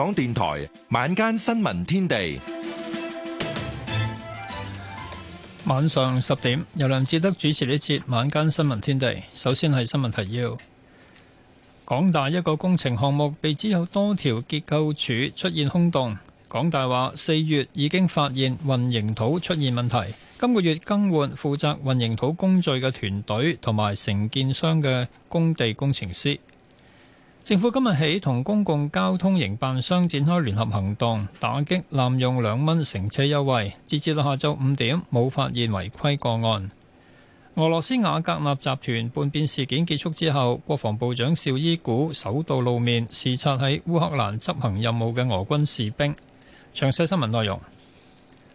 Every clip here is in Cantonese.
港電台晚間新聞天地，晚上十點由梁志德主持呢節晚間新聞天地。首先係新聞提要：港大一個工程項目被指有多條結構柱出現空洞，港大話四月已經發現混凝土出現問題，今個月更換負責混凝土工序嘅團隊同埋承建商嘅工地工程師。政府今日起同公共交通營辦商展開聯合行動，打擊濫用兩蚊乘車優惠。截至到下晝五點，冇發現違規個案。俄羅斯瓦格納集團叛變事件結束之後，國防部長邵伊古首度露面，視察喺烏克蘭執行任務嘅俄軍士兵。詳細新聞內容。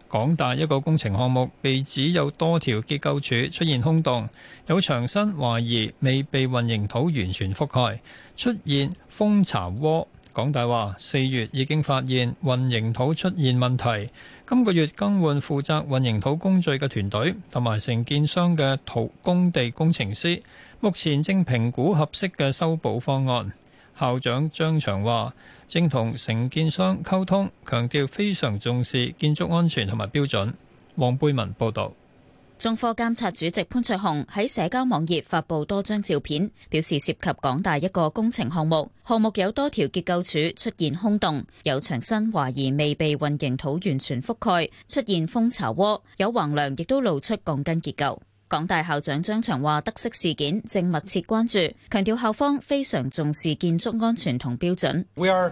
港大一個工程項目被指有多條結構柱出現空洞，有牆身懷疑未被混凝土完全覆蓋，出現蜂巢窩。港大話四月已經發現混凝土出現問題，今個月更換負責混凝土工序嘅團隊同埋承建商嘅土工地工程師，目前正評估合適嘅修補方案。校長張祥話，正同承建商溝通，強調非常重視建築安全同埋標準。黃貝文報道。中科監察主席潘卓雄喺社交網頁發佈多張照片，表示涉及港大一個工程項目，項目有多條結構柱出現空洞，有牆身懷疑未被混凝土完全覆蓋，出現蜂巢窩，有橫梁亦都露出鋼筋結構。港大校長張翔話，得悉事件，正密切關注，強調校方非常重視建築安全同標準。We are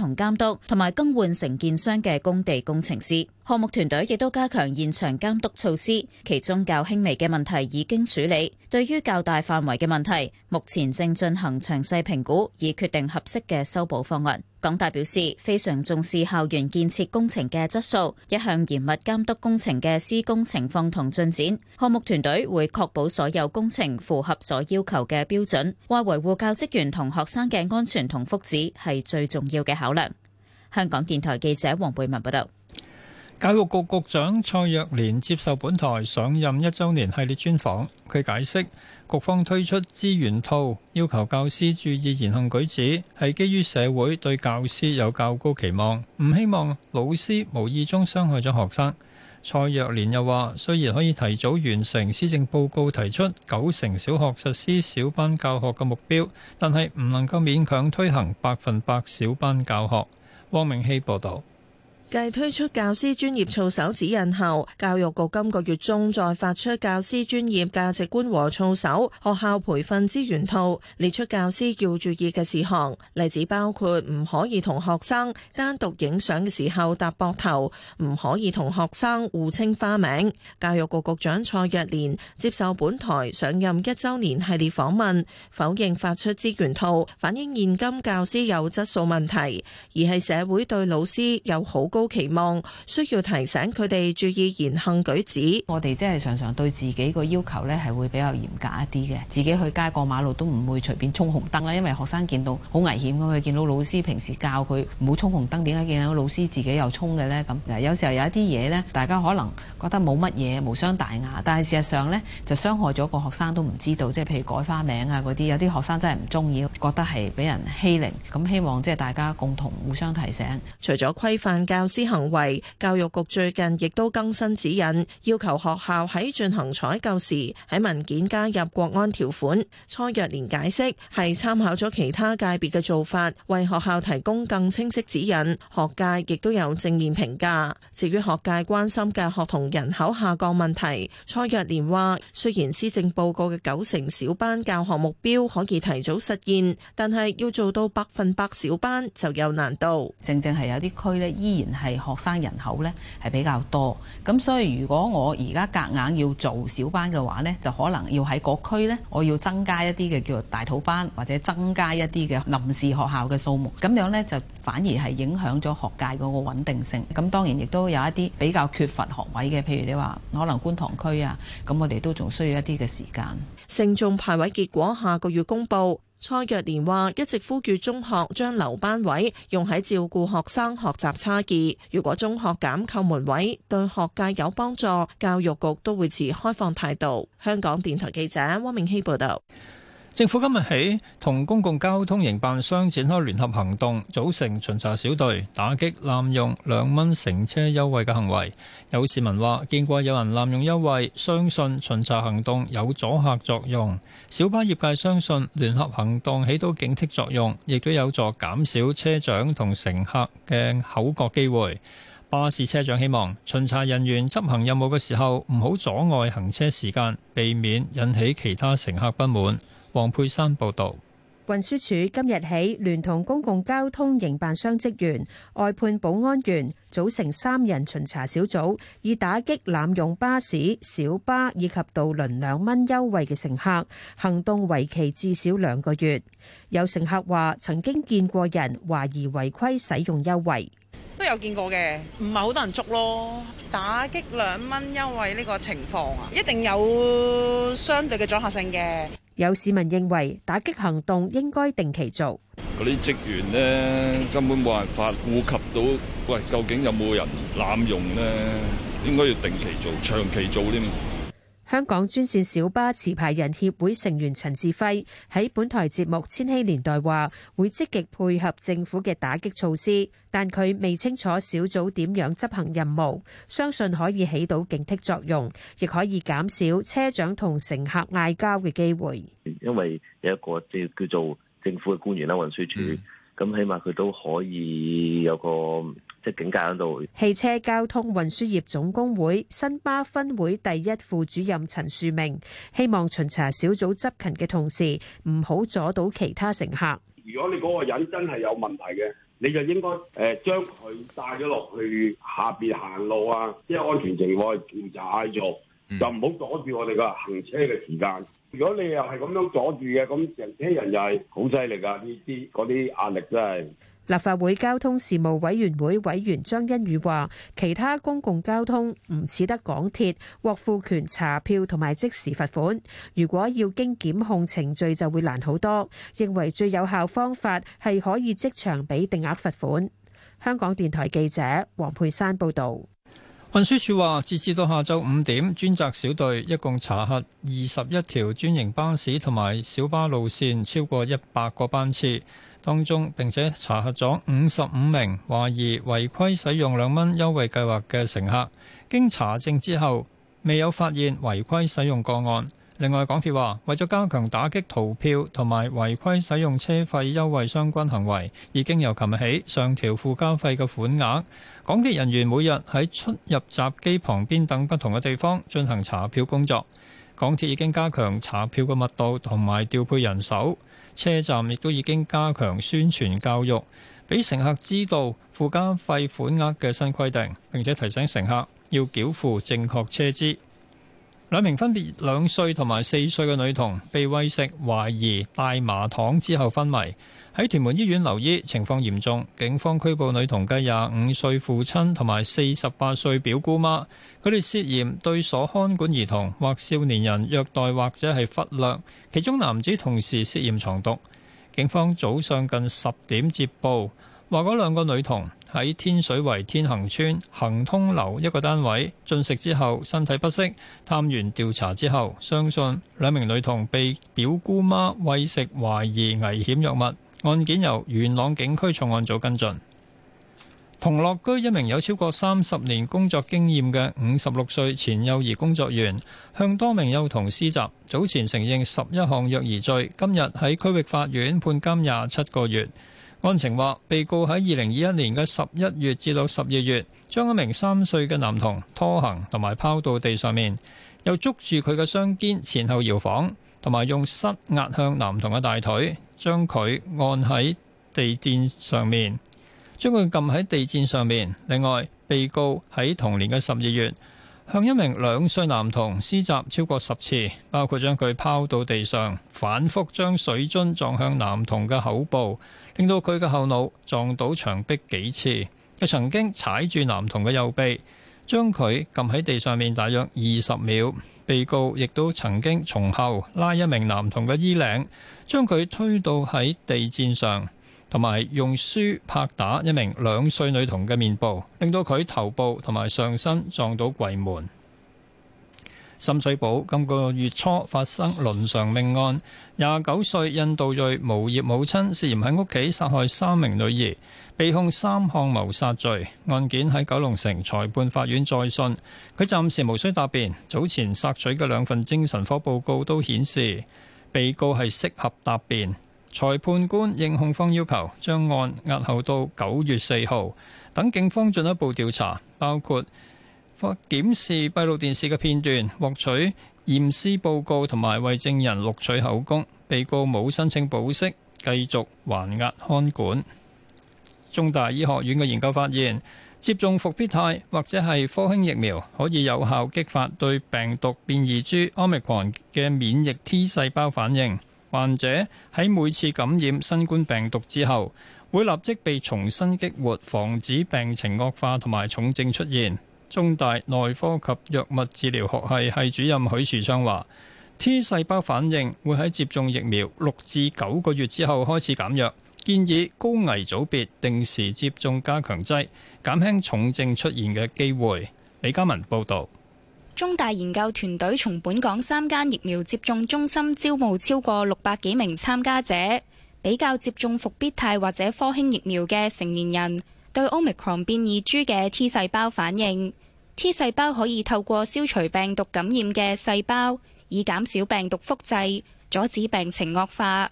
同監督，同埋更換承建商嘅工地工程師。項目團隊亦都加強現場監督措施，其中較輕微嘅問題已經處理。對於較大範圍嘅問題，目前正進行詳細評估，以決定合適嘅修補方案。港大表示非常重視校園建設工程嘅質素，一向嚴密監督工程嘅施工情況同進展。項目團隊會確保所有工程符合所要求嘅標準，話維護教職員同學生嘅安全同福祉係最重要嘅考量。香港電台記者黃貝文報道。教育局局長蔡若蓮接受本台上任一周年系列專訪，佢解釋局方推出資源套，要求教師注意言行舉止，係基於社會對教師有較高期望，唔希望老師無意中傷害咗學生。蔡若蓮又話，雖然可以提早完成施政報告提出九成小學實施小班教學嘅目標，但係唔能夠勉強推行百分百小班教學。汪明希報道。繼推出教師專業操守指引後，教育局今個月中再發出教師專業價值觀和操守學校培訓資源套，列出教師要注意嘅事項，例子包括唔可以同學生單獨影相嘅時候搭膊頭，唔可以同學生互稱花名。教育局局長蔡若蓮接受本台上任一周年系列訪問，否認發出資源套反映現今教師有質素問題，而係社會對老師有好高。都期望需要提醒佢哋注意言行舉止。我哋即係常常對自己個要求咧，係會比較嚴格一啲嘅。自己去街過馬路都唔會隨便衝紅燈啦，因為學生見到好危險，咁佢見到老師平時教佢唔好衝紅燈，點解見到老師自己又衝嘅咧？咁有時候有一啲嘢咧，大家可能覺得冇乜嘢，無傷大雅，但係事實上咧，就傷害咗個學生都唔知道。即係譬如改花名啊嗰啲，有啲學生真係唔中意，覺得係俾人欺凌。咁希望即係大家共同互相提醒。除咗規範教私行為，教育局最近亦都更新指引，要求學校喺進行採購時喺文件加入國安條款。蔡若蓮解釋，係參考咗其他界別嘅做法，為學校提供更清晰指引。學界亦都有正面評價。至於學界關心嘅學童人口下降問題，蔡若蓮話，雖然施政報告嘅九成小班教學目標可以提早實現，但係要做到百分百小班就有難度。正正係有啲區呢依然。係學生人口呢係比較多，咁所以如果我而家夾硬要做小班嘅話呢就可能要喺各區咧，我要增加一啲嘅叫做大肚班，或者增加一啲嘅臨時學校嘅數目，咁樣呢，就反而係影響咗學界嗰個穩定性。咁當然亦都有一啲比較缺乏學位嘅，譬如你話可能觀塘區啊，咁我哋都仲需要一啲嘅時間。升中排位結果下個月公佈。蔡若蓮話：一直呼籲中學將留班位用喺照顧學生學習差異。如果中學減叩門位對學界有幫助，教育局都會持開放態度。香港電台記者汪明希報道。政府今日起同公共交通營辦商展開聯合行動，組成巡查小隊，打擊濫用兩蚊乘車優惠嘅行為。有市民話見過有人濫用優惠，相信巡查行動有阻嚇作用。小巴業界相信聯合行動起到警惕作用，亦都有助減少車長同乘客嘅口角機會。巴士車長希望巡查人員執行任務嘅時候唔好阻礙行車時間，避免引起其他乘客不滿。黃佩珊報道，運輸署今日起，聯同公共交通營辦商職員、外判保安員組成三人巡查小組，以打擊濫用巴士、小巴以及渡輪兩蚊優惠嘅乘客。行動為期至少兩個月。有乘客話，曾經見過人懷疑違規使用優惠，都有見過嘅，唔係好多人捉咯。打擊兩蚊優惠呢個情況啊，一定有相對嘅阻嚇性嘅。有市民認為，打擊行動應該定期做。嗰啲職員呢，根本冇辦法顧及到，喂，究竟有冇人濫用呢？應該要定期做，長期做添。香港專線小巴持牌人協會成員陳志輝喺本台節目《千禧年代》話，會積極配合政府嘅打擊措施，但佢未清楚小組點樣執行任務，相信可以起到警惕作用，亦可以減少車長同乘客嗌交嘅機會。因為有一個即叫做政府嘅官員啦，運輸處咁，起碼佢都可以有個。即係警戒度。汽車交通運輸業總工會新巴分會第一副主任陳樹明希望巡查小組執勤嘅同時，唔好阻到其他乘客。如果你嗰個人真係有問題嘅，你就應該誒將佢帶咗落去下邊行路啊，即係安全情況調查協助，就唔好阻住我哋嘅行車嘅時間。如果你又係咁樣阻住嘅，咁成車人又係好犀利噶，呢啲嗰啲壓力真係。立法會交通事務委員會委員張欣宇話，其他公共交通唔似得港鐵獲賦權查票同埋即時罰款，如果要經檢控程序就會難好多。認為最有效方法係可以即場俾定額罰款。香港電台記者黃佩珊報道。運輸署話，截至到下晝五點，專責小隊一共查核二十一條專營巴士同埋小巴路線，超過一百個班次。當中並且查核咗五十五名懷疑違規使用兩蚊優惠計劃嘅乘客，經查證之後，未有發現違規使用個案。另外，港鐵話為咗加強打擊逃票同埋違規使用車費優惠相關行為，已經由琴日起上調附加費嘅款額。港鐵人員每日喺出入閘機旁邊等不同嘅地方進行查票工作。港鐵已經加強查票嘅密度同埋調配人手。車站亦都已經加強宣傳教育，俾乘客知道附加費款額嘅新規定，並且提醒乘客要繳付正確車資。兩名分別兩歲同埋四歲嘅女童被餵食懷疑大麻糖之後昏迷，喺屯門醫院留醫，情況嚴重。警方拘捕女童嘅廿五歲父親同埋四十八歲表姑媽，佢哋涉嫌對所看管兒童或少年人虐待或者係忽略。其中男子同時涉嫌藏毒。警方早上近十點接報，話嗰兩個女童喺天水圍天恒邨恒通樓一個單位進食之後身體不適。探員調查之後，相信兩名女童被表姑媽餵食懷疑危險藥物。案件由元朗警區重案組跟進。同樂居一名有超過三十年工作經驗嘅五十六歲前幼兒工作員，向多名幼童施襲。早前承認十一項虐兒罪，今日喺區域法院判監廿七個月。案情話，被告喺二零二一年嘅十一月至到十二月，將一名三歲嘅男童拖行同埋拋到地上面，又捉住佢嘅雙肩前後搖晃，同埋用膝壓向男童嘅大腿。將佢按喺地墊上面，將佢撳喺地墊上面。另外，被告喺同年嘅十二月，向一名兩歲男童施襲超過十次，包括將佢拋到地上，反復將水樽撞向男童嘅口部，令到佢嘅後腦撞到牆壁幾次。佢曾經踩住男童嘅右臂。將佢撳喺地上面大約二十秒，被告亦都曾經從後拉一名男童嘅衣領，將佢推倒喺地氈上，同埋用書拍打一名兩歲女童嘅面部，令到佢頭部同埋上身撞到櫃門。深水埗今個月初發生倫常命案，廿九歲印度裔無業母親涉嫌喺屋企殺害三名女兒，被控三項謀殺罪。案件喺九龍城裁判法院再訊，佢暫時無需答辯。早前索取嘅兩份精神科報告都顯示被告係適合答辯。裁判官應控方要求，將案押後到九月四號，等警方進一步調查，包括發檢視閉路電視嘅片段，獲取驗屍報告，同埋為證人錄取口供。被告冇申請保釋，繼續還押看管。中大醫學院嘅研究發現，接種復必泰或者係科興疫苗可以有效激發對病毒變異株 omicron 嘅免疫 T 細胞反應。患者喺每次感染新冠病毒之後，會立即被重新激活，防止病情惡化同埋重症出現。中大內科及藥物治療學系系主任許樹昌話：T 細胞反應會喺接種疫苗六至九個月之後開始減弱，建議高危組別定時接種加強劑，減輕重症出現嘅機會。李家文報導。中大研究團隊從本港三間疫苗接種中心招募超過六百幾名參加者，比較接種復必泰或者科興疫苗嘅成年人對 Omicron 變異株嘅 T 細胞反應。T 細胞可以透過消除病毒感染嘅細胞，以減少病毒複製，阻止病情惡化。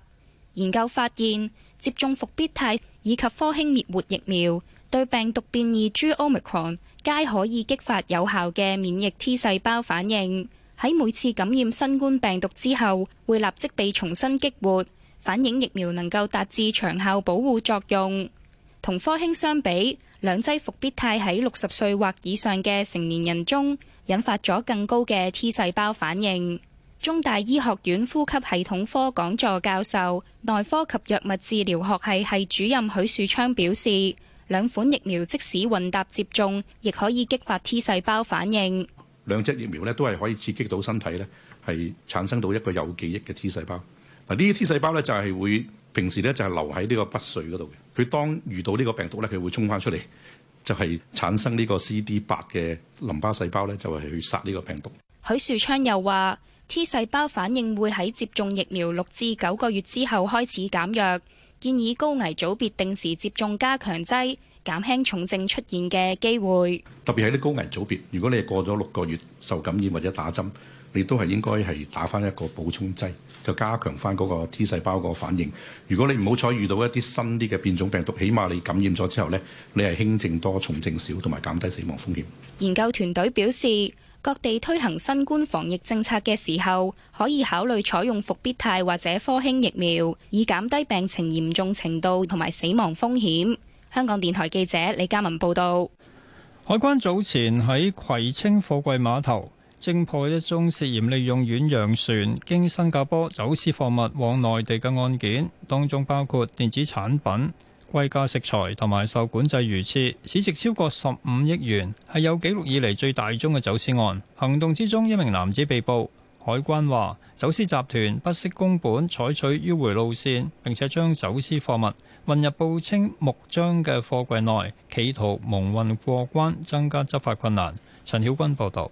研究發現，接種復必泰以及科興滅活疫苗，對病毒變異株 Omicron 皆可以激發有效嘅免疫 T 細胞反應。喺每次感染新冠病毒之後，會立即被重新激活，反映疫苗能夠達至長效保護作用。同科興相比，兩劑復必泰喺六十歲或以上嘅成年人中，引發咗更高嘅 T 細胞反應。中大醫學院呼吸系統科講座教授、內科及藥物治療學系系主任許樹昌表示，兩款疫苗即使混搭接種，亦可以激發 T 細胞反應。兩隻疫苗咧都係可以刺激到身體咧，係產生到一個有記憶嘅 T 細胞。嗱呢啲 T 細胞咧就係會平時咧就係留喺呢個骨髓嗰度嘅。佢當遇到呢個病毒咧，佢會衝返出嚟，就係產生呢個 C D 八嘅淋巴細胞咧，就係去殺呢個病毒。許樹昌又話：T 細胞反應會喺接種疫苗六至九個月之後開始減弱，建議高危組別定時接種加強劑，減輕重症出現嘅機會。特別係啲高危組別，如果你係過咗六個月受感染或者打針。亦都係應該係打翻一個補充劑，就加強翻嗰個 T 細胞個反應。如果你唔好彩遇到一啲新啲嘅變種病毒，起碼你感染咗之後呢，你係輕症多、重症少，同埋減低死亡風險。研究團隊表示，各地推行新冠防疫政策嘅時候，可以考慮採用復必泰或者科興疫苗，以減低病情嚴重程度同埋死亡風險。香港電台記者李嘉文報道。海關早前喺葵青貨櫃碼頭偵破一宗涉嫌利用遠洋船經新加坡走私貨物往內地嘅案件，當中包括電子產品、貴價食材同埋受管制魚翅，市值超過十五億元，係有紀錄以嚟最大宗嘅走私案。行動之中，一名男子被捕。海關話，走私集團不惜工本，採取迂回路線，並且將走私貨物運入報稱木漿嘅貨櫃內，企圖蒙混過關，增加執法困難。陳曉君報道。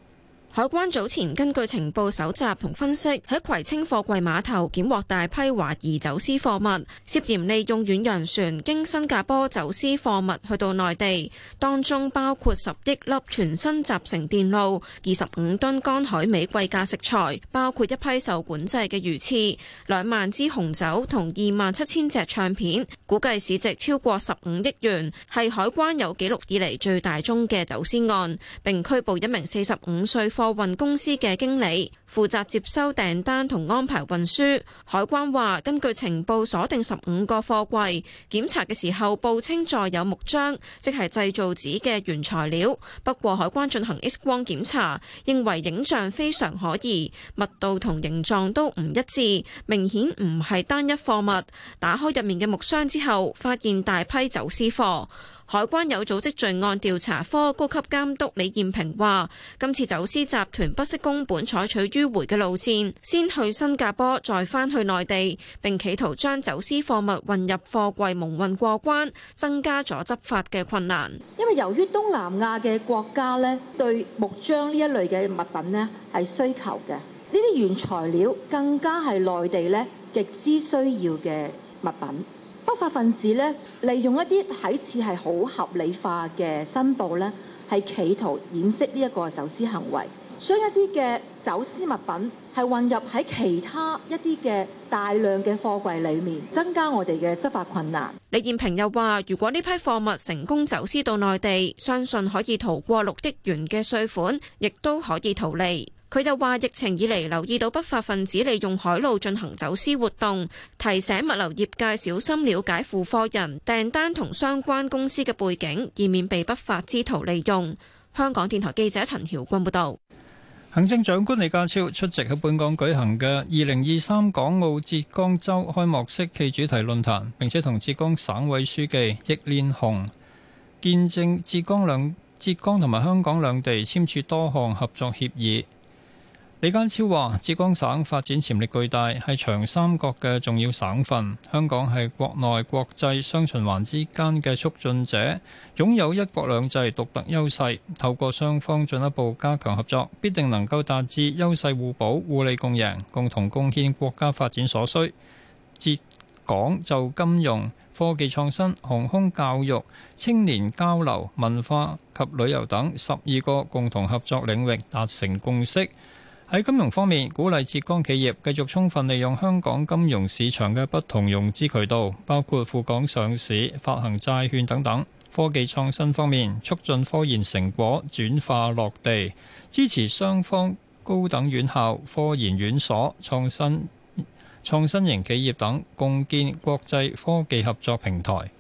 海關早前根據情報搜集同分析，喺葵青貨櫃碼頭檢獲大批懷疑走私貨物，涉嫌利用遠洋船經新加坡走私貨物去到內地，當中包括十億粒全新集成電路、二十五噸乾海味貴價食材，包括一批受管制嘅魚翅、兩萬支紅酒同二萬七千隻唱片，估計市值超過十五億元，係海關有紀錄以嚟最大宗嘅走私案，並拘捕一名四十五歲貨貨運公司嘅經理負責接收訂單同安排運輸。海關話，根據情報鎖定十五個貨櫃，檢查嘅時候報稱載有木漿，即係製造紙嘅原材料。不過海關進行 X 光檢查，認為影像非常可疑，密度同形狀都唔一致，明顯唔係單一貨物。打開入面嘅木箱之後，發現大批走私貨。海關有組織罪案調查科高級監督李燕平話：今次走私集團不惜工本採取迂回嘅路線，先去新加坡再返去內地，並企圖將走私貨物運入貨櫃蒙混過關，增加咗執法嘅困難。因為由於東南亞嘅國家呢，對木漿呢一類嘅物品呢係需求嘅，呢啲原材料更加係內地呢極之需要嘅物品。不法分子呢，利用一啲睇似係好合理化嘅申報呢，係企圖掩飾呢一個走私行為，將一啲嘅走私物品係混入喺其他一啲嘅大量嘅貨櫃裡面，增加我哋嘅執法困難。李燕平又話，如果呢批貨物成功走私到內地，相信可以逃過六億元嘅稅款，亦都可以逃利。佢就話：疫情以嚟留意到不法分子利用海路進行走私活動，提醒物流業界小心了解付貨人訂單同相關公司嘅背景，以免被不法之徒利用。香港電台記者陳曉君報導。行政長官李家超出席喺本港舉行嘅二零二三港澳浙江週開幕式暨主題論壇，並且同浙江省委書記易煉紅見證浙江兩浙江同埋香港兩地簽署多項合作協議。李家超話，浙江省發展潛力巨大，係長三角嘅重要省份。香港係國內國際雙循環之間嘅促進者，擁有一國兩制獨特優勢。透過雙方進一步加強合作，必定能夠達至優勢互補、互利共贏，共同貢獻國家發展所需。浙港就金融、科技創新、航空教育、青年交流、文化及旅遊等十二個共同合作領域達成共識。喺金融方面，鼓勵浙江企業繼續充分利用香港金融市場嘅不同融資渠道，包括赴港上市、發行債券等等。科技創新方面，促進科研成果轉化落地，支持雙方高等院校、科研院所、創新創新型企業等共建國際科技合作平台。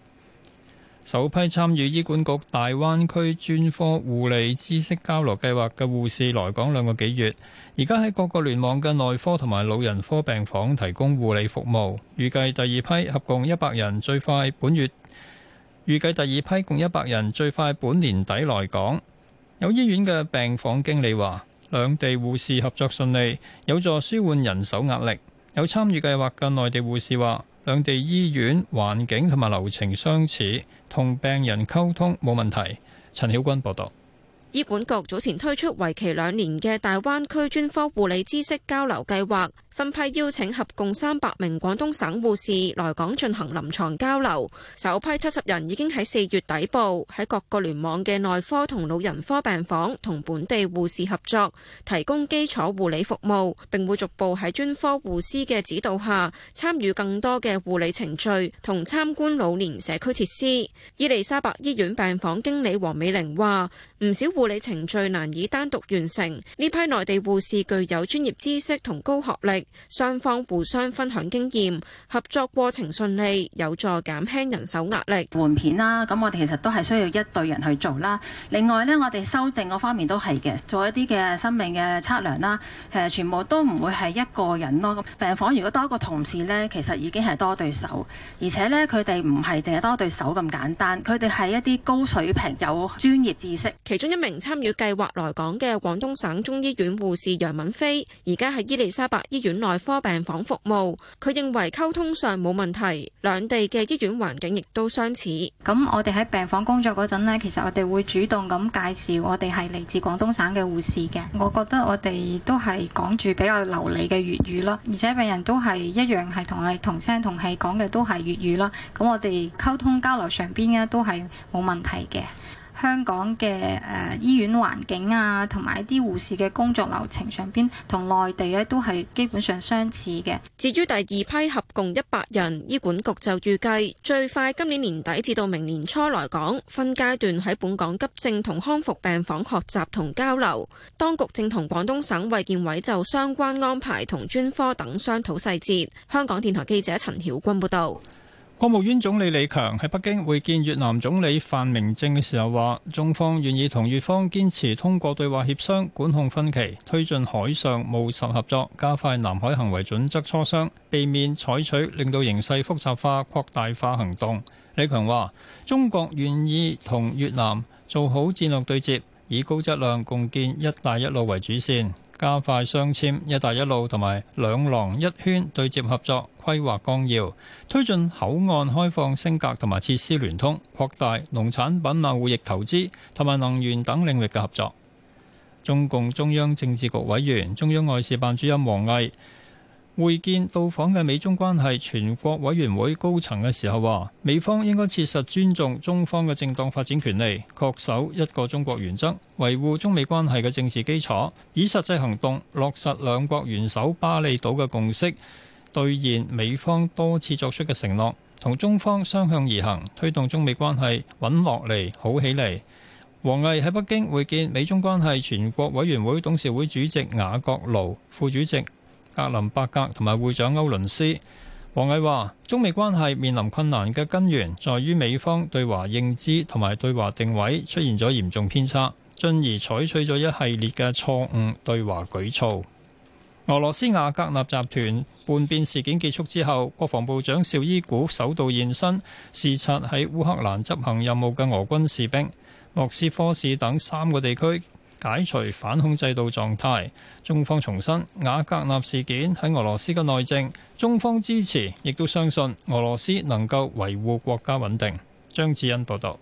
首批參與醫管局大灣區專科護理知識交流計劃嘅護士來港兩個幾月，而家喺各個聯網嘅內科同埋老人科病房提供護理服務，預計第二批合共一百人，最快本月；預計第二批共一百人，最快本年底來港。有醫院嘅病房經理話：兩地護士合作順利，有助舒緩人手壓力。有參與計劃嘅內地護士話。兩地醫院環境同埋流程相似，同病人溝通冇問題。陳曉君報道，醫管局早前推出為期兩年嘅大灣區專科護理知識交流計劃。分批邀請合共三百名廣東省護士來港進行臨床交流，首批七十人已經喺四月底到喺各個聯網嘅內科同老人科病房同本地護士合作，提供基礎護理服務。並會逐步喺專科護師嘅指導下參與更多嘅護理程序同參觀老年社區設施。伊利沙伯醫院病房經理黃美玲話：唔少護理程序難以單獨完成，呢批內地護士具有專業知識同高學歷。雙方互相分享經驗，合作過程順利，有助減輕人手壓力。換片啦，咁我哋其實都係需要一隊人去做啦。另外呢，我哋修正嗰方面都係嘅，做一啲嘅生命嘅測量啦，誒，全部都唔會係一個人咯。咁病房如果多一個同事呢，其實已經係多對手，而且呢，佢哋唔係淨係多對手咁簡單，佢哋係一啲高水平有專業知識。其中一名參與計劃來港嘅廣東省中醫院護士楊敏飛，而家喺伊利沙伯醫院。內科病房服務，佢認為溝通上冇問題，兩地嘅醫院環境亦都相似。咁我哋喺病房工作嗰陣呢，其實我哋會主動咁介紹我哋係嚟自廣東省嘅護士嘅。我覺得我哋都係講住比較流利嘅粵語咯，而且病人都係一樣係同我哋同聲同氣講嘅都係粵語啦。咁我哋溝通交流上邊咧都係冇問題嘅。香港嘅，誒醫院環境啊，同埋啲護士嘅工作流程上邊同內地咧都係基本上相似嘅。至於第二批合共一百人，醫管局就預計最快今年年底至到明年初來港，分階段喺本港急症同康復病房學習同交流。當局正同廣東省衛健委就相關安排同專科等商討細節。香港電台記者陳曉君報道。國務院總理李強喺北京會見越南總理范明政嘅時候話，中方願意同越方堅持通過對話協商管控分歧，推進海上務實合作，加快南海行為準則磋商，避免採取令到形勢複雜化、擴大化行動。李強話，中國願意同越南做好戰略對接。以高質量共建“一帶一路”為主線，加快雙簽“一帶一路”同埋兩廊一圈對接合作規劃綱要，推進口岸開放升格同埋設施聯通，擴大農產品貿易投資同埋能源等領域嘅合作。中共中央政治局委員、中央外事辦主任王毅會見到訪嘅美中關係全國委員會高層嘅時候，話美方應該切實尊重中方嘅正當發展權利，恪守一個中國原則，維護中美關係嘅政治基礎，以實際行動落實兩國元首巴厘島嘅共識，兌現美方多次作出嘅承諾，同中方相向而行，推動中美關係穩落嚟好起嚟。王毅喺北京會見美中關係全國委員會董事會主席雅各魯副主席，格林伯格同埋會長歐倫斯，王毅話中美關係面臨困難嘅根源，在於美方對華認知同埋對華定位出現咗嚴重偏差，進而採取咗一系列嘅錯誤對華舉措。俄羅斯瓦格納集團叛變事件結束之後，國防部長紹伊古首度現身視察喺烏克蘭執行任務嘅俄軍士兵。莫斯科市等三個地區。解除反恐制度狀態，中方重申，瓦格納事件喺俄羅斯嘅內政，中方支持，亦都相信俄羅斯能夠維護國家穩定。張智恩報道。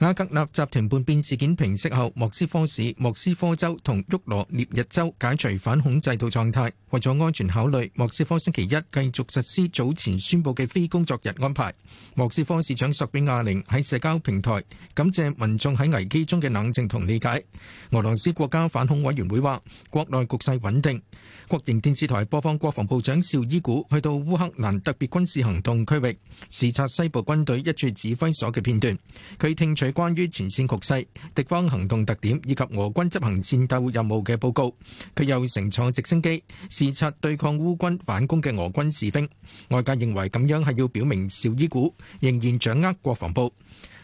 瓦格納集團叛變事件平息後，莫斯科市、莫斯科州同沃羅涅日州解除反恐制度狀態。為咗安全考慮，莫斯科星期一繼續實施早前宣布嘅非工作日安排。莫斯科市長索比亞寧喺社交平台感謝民眾喺危機中嘅冷靜同理解。俄羅斯國家反恐委員會話國內局勢穩定。國營電視台播放國防部長邵伊古去到烏克蘭特別軍事行動區域視察西部軍隊一處指揮所嘅片段。佢聽取關於前線局勢、敵方行動特點以及俄軍執行戰鬥任務嘅報告。佢又乘坐直升機，視察對抗烏軍反攻嘅俄軍士兵，外界認為咁樣係要表明紹伊古仍然掌握國防部。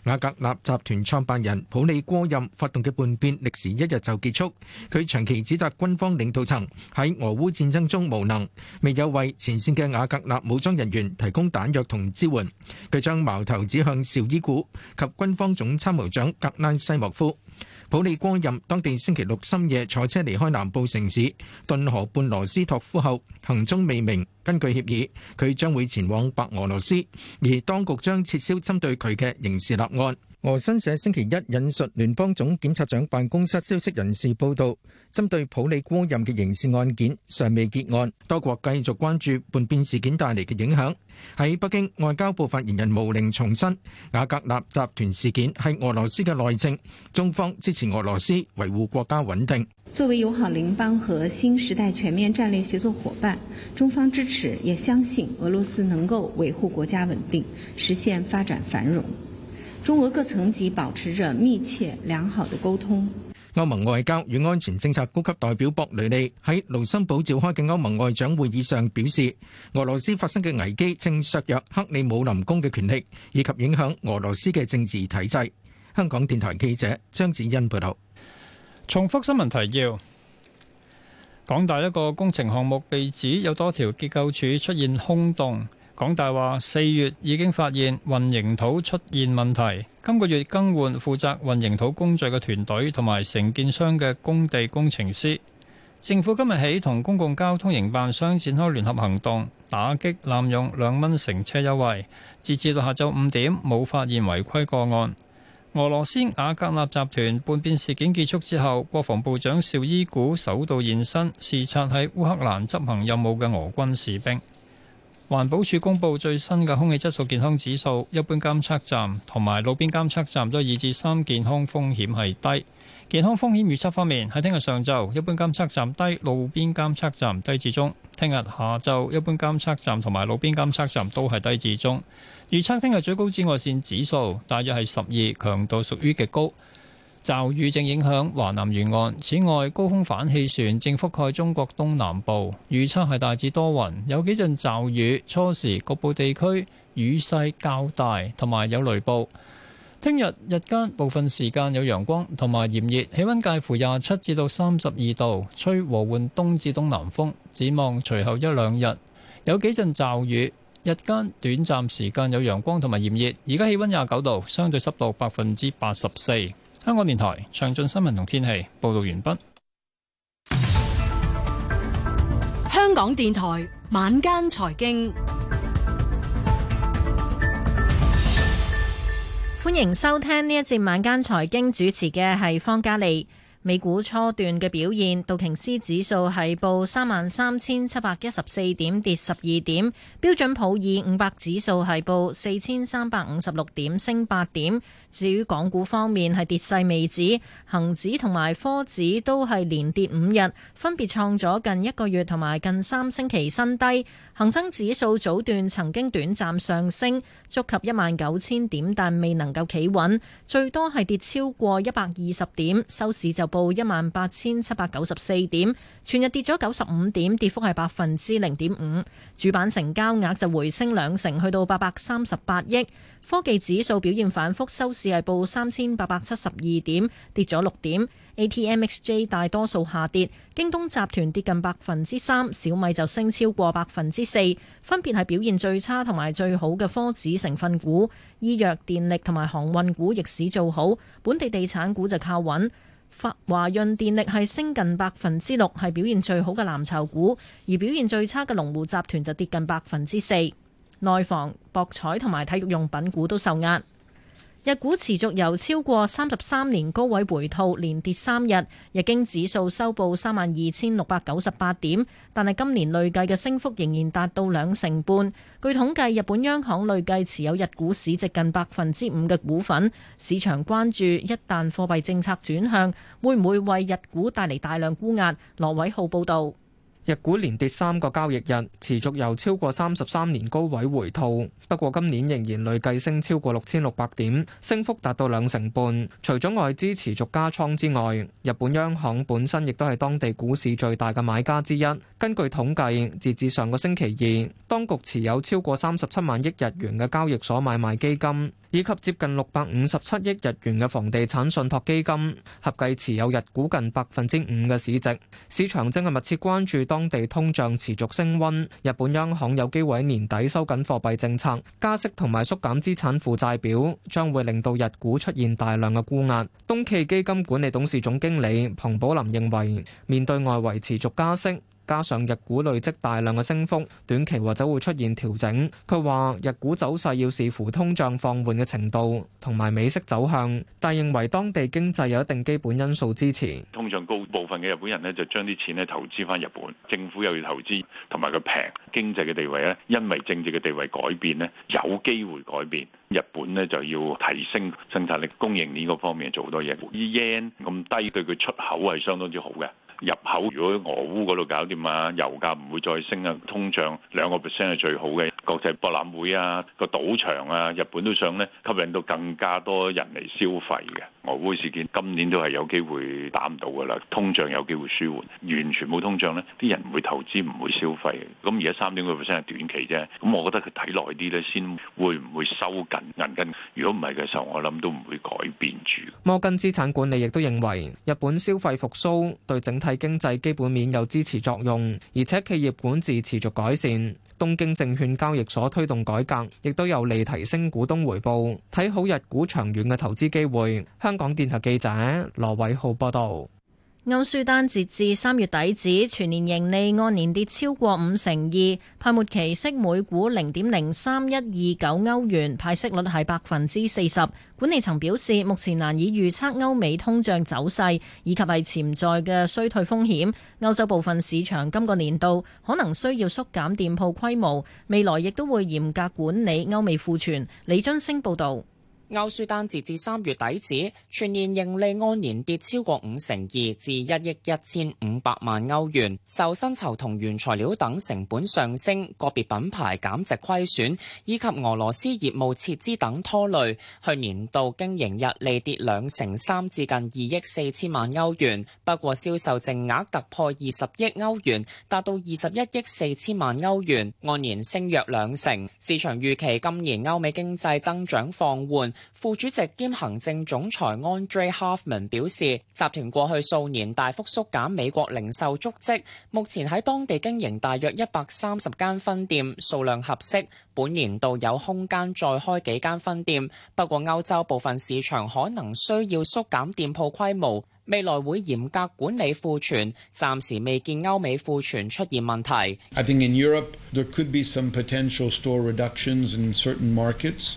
瓦格納集團創辦人普利戈任發動嘅叛變，歷時一日就結束。佢長期指責軍方領導層喺俄烏戰爭中無能，未有為前線嘅瓦格納武裝人員提供彈藥同支援。佢將矛頭指向紹伊古及軍方總參謀長格拉西莫夫。普里戈任當地星期六深夜坐車離開南部城市頓河畔羅斯托夫後行蹤未明。根據協議，佢將會前往白俄羅斯，而當局將撤銷針對佢嘅刑事立案。俄新社星期一引述聯邦總檢察長辦公室消息人士報導，針對普里戈任嘅刑事案件尚未結案，多國繼續關注叛變事件帶嚟嘅影響。喺北京，外交部發言人毛寧重申，雅格納集團事件係俄羅斯嘅內政，中方支持俄羅斯維護國家穩定。作為友好鄰邦和新時代全面戰略協作伙伴，中方支持也相信俄羅斯能夠維護國家穩定，實現發展繁榮。中俄各層級保持着密切良好的溝通。歐盟外交與安全政策高級代表博雷利喺盧森堡召開嘅歐盟外長會議上表示，俄羅斯發生嘅危機正削弱克里姆林宮嘅權力，以及影響俄羅斯嘅政治體制。香港電台記者張子欣報道：「重複新聞提要：港大一個工程項目被指有多條結構柱出現空洞。港大話：四月已經發現混凝土出現問題，今個月更換負責混凝土工序嘅團隊同埋承建商嘅工地工程師。政府今日起同公共交通營辦商展開聯合行動，打擊濫用兩蚊乘車優惠。截至到下晝五點，冇發現違規個案。俄羅斯瓦格納集團叛變事件結束之後，國防部長邵伊古首度現身視察喺烏克蘭執行任務嘅俄軍士兵。環保署公布最新嘅空氣質素健康指數，一般監測站同埋路邊監測站都二至三，健康風險係低。健康風險預測方面，喺聽日上晝，一般監測站低，路邊監測站低至中；聽日下晝，一般監測站同埋路邊監測站都係低至中。預測聽日最高紫外線指數大約係十二，強度屬於極高。驟雨正影響華南沿岸。此外，高空反氣旋正覆蓋中國東南部，預測係大致多雲，有幾陣驟雨。初時局部地區雨勢較大，同埋有雷暴。聽日日間部分時間有陽光，同埋炎熱，氣溫介乎廿七至到三十二度，吹和緩東至東南風。展望隨後一兩日有幾陣驟雨，日間短暫時間有陽光同埋炎熱。而家氣溫廿九度，相對濕度百分之八十四。香港電台詳盡新聞同天氣報道完畢。香港電台晚間財經，歡迎收聽呢一節晚間財經，主持嘅係方嘉利。美股初段嘅表現，道瓊斯指數係報三萬三千七百一十四點，跌十二點；標準普爾五百指數係報四千三百五十六點，升八點。至於港股方面，係跌勢未止，恒指同埋科指都係連跌五日，分別創咗近一個月同埋近三星期新低。恒生指數早段曾經短暫上升，觸及一萬九千點，但未能夠企穩，最多係跌超過一百二十點，收市就報一萬八千七百九十四點，全日跌咗九十五點，跌幅係百分之零點五。主板成交額就回升兩成，去到八百三十八億。科技指數表現反覆，收市係報三千八百七十二點，跌咗六點。A T M X J 大多數下跌，京東集團跌近百分之三，小米就升超過百分之四，分別係表現最差同埋最好嘅科指成分股。醫藥、電力同埋航運股逆市做好，本地地產股就靠穩。華潤電力係升近百分之六，係表現最好嘅藍籌股，而表現最差嘅龍湖集團就跌近百分之四。內房、博彩同埋體育用品股都受壓，日股持續由超過三十三年高位回吐，連跌三日。日經指數收報三萬二千六百九十八點，但係今年累計嘅升幅仍然達到兩成半。據統計，日本央行累計持有日股市值近百分之五嘅股份。市場關注一旦貨幣政策轉向，會唔會為日股帶嚟大量沽壓？羅偉浩報道。日股連跌三個交易日，持續由超過三十三年高位回吐。不過今年仍然累計升超過六千六百點，升幅達到兩成半。除咗外資持續加倉之外，日本央行本身亦都係當地股市最大嘅買家之一。根據統計，截至上個星期二，當局持有超過三十七萬億日元嘅交易所買賣基金。以及接近六百五十七億日元嘅房地產信託基金，合計持有日股近百分之五嘅市值。市場正係密切關注當地通脹持續升温，日本央行有機會喺年底收緊貨幣政策加息，同埋縮減資產負債表，將會令到日股出現大量嘅沽壓，東企基金管理董事總經理彭寶林認為，面對外圍持續加息。加上日股累積大量嘅升幅，短期或者會出現調整。佢話：日股走勢要視乎通脹放緩嘅程度同埋美息走向，但係認為當地經濟有一定基本因素支持。通脹高，部分嘅日本人呢，就將啲錢呢投資返日本，政府又要投資，同埋佢平經濟嘅地位呢，因為政治嘅地位改變呢，有機會改變。日本呢，就要提升生產力、供應鏈嗰方面做好多嘢。啲 yen 咁低，對佢出口係相當之好嘅。入口如果喺俄烏嗰度搞掂啊，油價唔會再升啊，通脹兩個 percent 係最好嘅。國際博覽會啊，個賭場啊，日本都想咧吸引到更加多人嚟消費嘅。俄烏事件今年都係有機會打唔到噶啦，通脹有機會舒緩，完全冇通脹咧，啲人唔會投資，唔會消費。咁而家三點五 percent 係短期啫，咁我覺得佢睇耐啲咧，先會唔會收緊銀根？如果唔係嘅時候，我諗都唔會改變住。摩根資產管理亦都認為，日本消費復甦對整體經濟基本面有支持作用，而且企業管治持續改善。東京證券交易所推動改革，亦都有利提升股東回報，睇好日股長遠嘅投資機會。香港電台記者羅偉浩報道。歐舒丹截至三月底止全年盈利按年跌超過五成二，派末期息每股零點零三一二九歐元，派息率係百分之四十。管理層表示，目前難以預測歐美通脹走勢以及係潛在嘅衰退風險。歐洲部分市場今個年度可能需要縮減店鋪規模，未來亦都會嚴格管理歐美庫存。李津星報道。歐舒丹截至三月底止全年盈利按年跌超過五成二，至一億一千五百萬歐元。受薪酬同原材料等成本上升、個別品牌減值虧損以及俄羅斯業務撤資等拖累，去年度經營溢利跌兩成三，至近二億四千萬歐元。不過銷售淨額突破二十億歐元，達到二十一億四千萬歐元，按年升約兩成。市場預期今年歐美經濟增長放緩。副主席兼行政總裁 Andre Huffman 表示：集團過去數年大幅縮減美國零售足跡，目前喺當地經營大約一百三十間分店，數量合適。本年度有空間再開幾間分店，不過歐洲部分市場可能需要縮減店鋪規模。未來會嚴格管理庫存，暫時未見歐美庫存出現問題。I think in Europe there could be some potential store reductions in certain markets.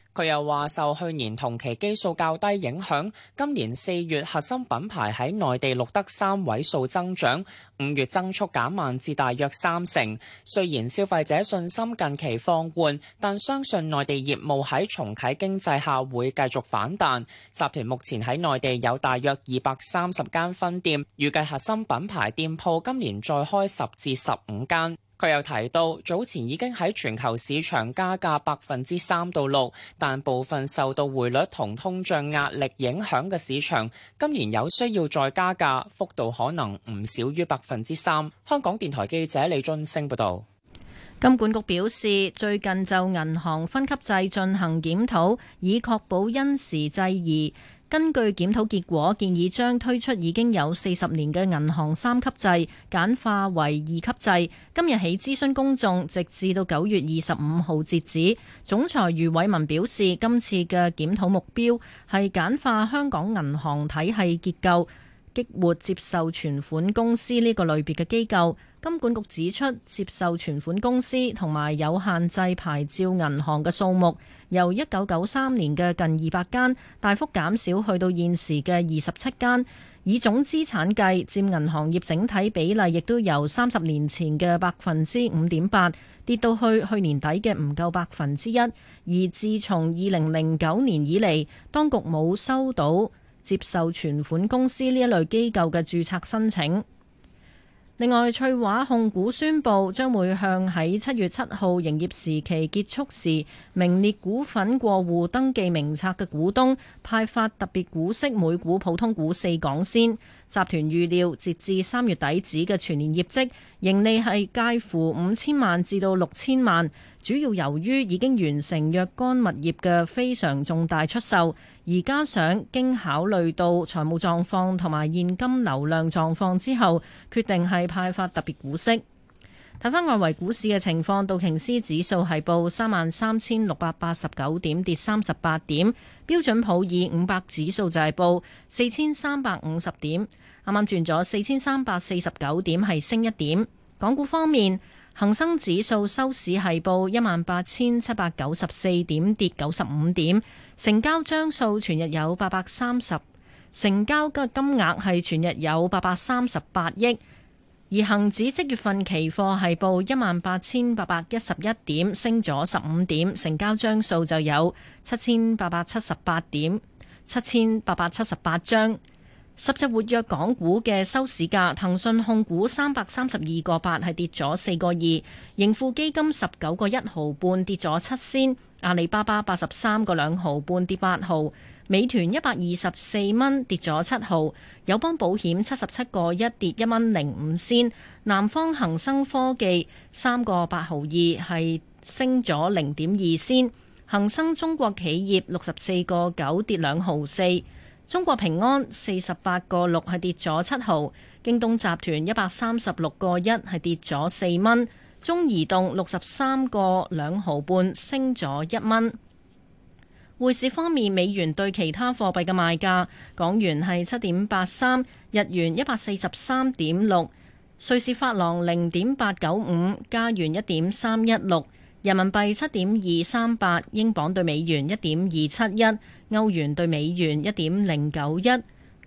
佢又話，受去年同期基數較低影響，今年四月核心品牌喺內地錄得三位數增長，五月增速減慢至大約三成。雖然消費者信心近期放緩，但相信內地業務喺重啟經濟下會繼續反彈。集團目前喺內地有大約二百三十間分店，預計核心品牌店鋪今年再開十至十五間。佢又提到，早前已經喺全球市場加價百分之三到六，6，但部分受到匯率同通脹壓力影響嘅市場，今年有需要再加價，幅度可能唔少於百分之三。香港電台記者李俊升報道。金管局表示，最近就銀行分級制進行檢討，以確保因時制宜。根據檢討結果，建議將推出已經有四十年嘅銀行三級制簡化為二級制。今日起諮詢公眾，直至到九月二十五號截止。總裁余偉文表示，今次嘅檢討目標係簡化香港銀行體系結構，激活接受存款公司呢個類別嘅機構。金管局指出，接受存款公司同埋有限制牌照銀行嘅數目，由一九九三年嘅近二百間大幅減少，去到現時嘅二十七間，以總資產計佔銀行業整體比例，亦都由三十年前嘅百分之五點八跌到去去年底嘅唔夠百分之一。而自從二零零九年以嚟，當局冇收到接受存款公司呢一類機構嘅註冊申請。另外，翠華控股宣布將會向喺七月七號營業時期結束時名列股份過戶登記名冊嘅股東派發特別股息，每股普通股四港仙。集團預料截至三月底止嘅全年業績盈利係介乎五千萬至到六千萬，主要由於已經完成若干物業嘅非常重大出售。而加上經考慮到財務狀況同埋現金流量狀況之後，決定係派發特別股息。睇翻外圍股市嘅情況，道瓊斯指數係報三萬三千六百八十九點，跌三十八點；標準普爾五百指數就係報四千三百五十點，啱啱轉咗四千三百四十九點，係升一點。港股方面。恒生指數收市係報一萬八千七百九十四點，跌九十五點。成交張數全日有八百三十，成交嘅金額係全日有八百三十八億。而恒指即月份期貨係報一萬八千八百一十一點，升咗十五點。成交張數就有七千八百七十八點，七千八百七十八張。十隻活躍港股嘅收市價，騰訊控股三百三十二個八，係跌咗四個二；盈富基金十九個一毫半，跌咗七仙；阿里巴巴八十三個兩毫半，跌八毫；美團一百二十四蚊，跌咗七毫；友邦保險七十七個一，跌一蚊零五仙；南方恒生科技三個八毫二，係升咗零點二仙；恒生中國企業六十四個九，跌兩毫四。中國平安四十八個六，係跌咗七毫，京東集團一百三十六個一，係跌咗四蚊，中移動六十三個兩毫半，升咗一蚊。匯市方面，美元對其他貨幣嘅賣價，港元係七點八三，日元一百四十三點六，瑞士法郎零點八九五，加元一點三一六，人民幣七點二三八，英鎊對美元一點二七一。歐元對美元一點零九一，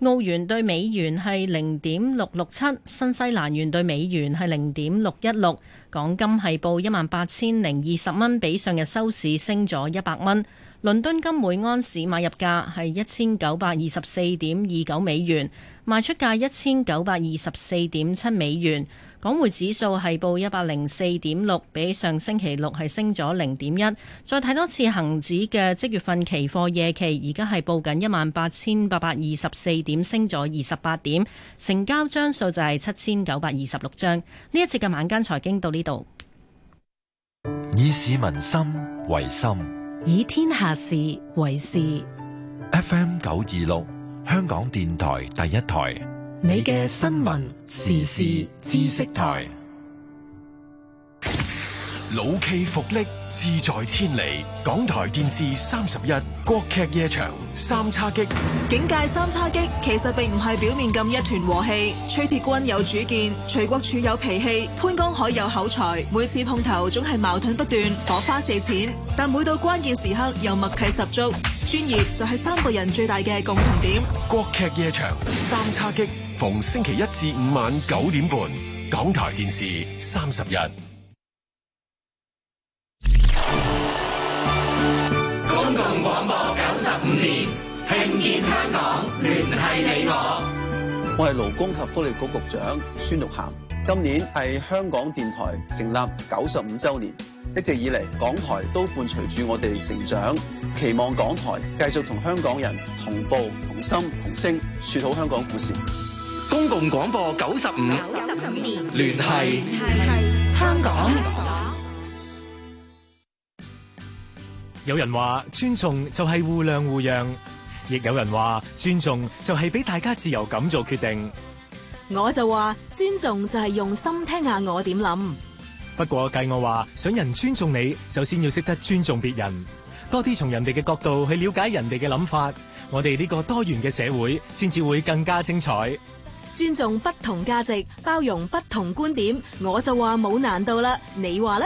澳元對美元係零點六六七，新西蘭元對美元係零點六一六，港金係報一萬八千零二十蚊，比上日收市升咗一百蚊。倫敦金每安士買入價係一千九百二十四點二九美元，賣出價一千九百二十四點七美元。港匯指數係報一百零四點六，比上星期六係升咗零點一。再睇多次恒指嘅即月份期貨夜期，而家係報緊一萬八千八百二十四點，升咗二十八點，成交張數就係七千九百二十六張。呢一節嘅晚間財經到呢度，以市民心為心。以天下事為事。FM 九二六，香港電台第一台。你嘅新聞時事知識台。老 K 福力。志在千里，港台電視三十一，國劇夜場三叉戟，警界三叉戟，其實並唔係表面咁一團和氣。崔鐵軍有主見，徐國柱有脾氣，潘江海有口才，每次碰頭總係矛盾不斷，火花四濺。但每到關鍵時刻又默契十足，專業就係三個人最大嘅共同點。國劇夜場三叉戟，逢星期一至五晚九點半，港台電視三十一。公共廣播九十五年，聽見香港，聯繫你我。我係勞工及福利局局長孫玉涵。今年係香港電台成立九十五週年，一直以嚟，港台都伴隨住我哋成長，期望港台繼續同香港人同步同心同聲，說好香港故事。公共廣播九十五年，聯繫香港。有人話尊重就係互諒互讓，亦有人話尊重就係俾大家自由咁做決定。我就話尊重就係用心聽下我點諗。不過計我話想人尊重你，首先要識得尊重別人，多啲從人哋嘅角度去了解人哋嘅諗法。我哋呢個多元嘅社會，先至會更加精彩。尊重不同價值，包容不同觀點，我就話冇難度啦。你話呢？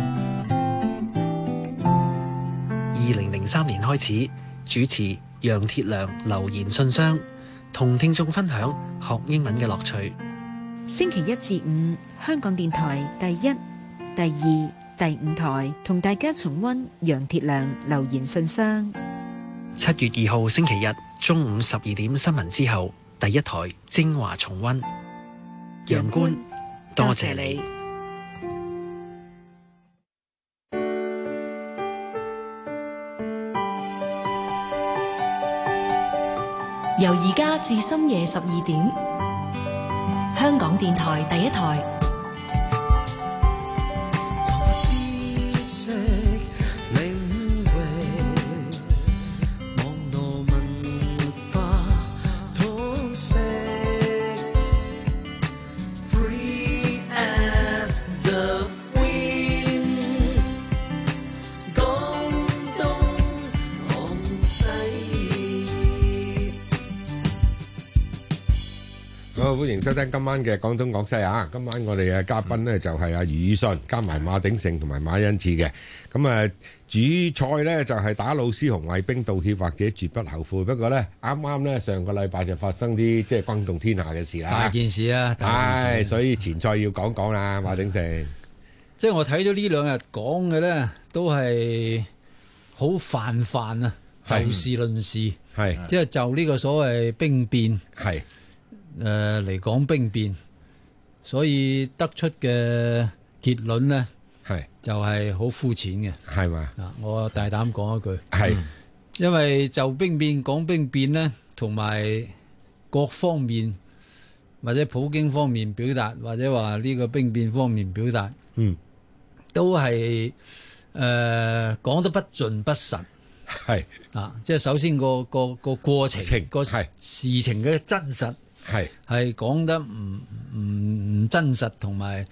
二零零三年開始主持《楊鐵良留言信箱》，同聽眾分享學英文嘅樂趣。星期一至五，香港電台第一、第二、第五台同大家重溫《楊鐵良留言信箱》。七月二號星期日中午十二點新聞之後，第一台精華重溫。楊官，多謝你。由而家至深夜十二點，香港電台第一台。歡迎收聽今晚嘅廣東講西啊！今晚我哋嘅嘉賓呢，就係阿余宇信，加埋馬鼎盛同埋馬恩志嘅。咁啊，主菜呢，就係打老師紅衛兵道歉或者絕不後悔。不過呢，啱啱呢，上個禮拜就發生啲即係轟動天下嘅事啦。大件事啊！係，所以前菜要講講啦，馬鼎盛。即係、就是、我睇咗呢兩日講嘅呢，都係好泛泛啊！就事論事，係即係就呢個所謂兵變，係的。誒嚟講兵變，所以得出嘅結論呢係就係好膚淺嘅，係嘛？我大膽講一句，係因為就兵變講兵變呢，同埋各方面或者普京方面表達，或者話呢個兵變方面表達，嗯，都係誒講得不盡不實，係啊，即係首先個個個過程個事情嘅真實。係係講得唔唔唔真實，同埋。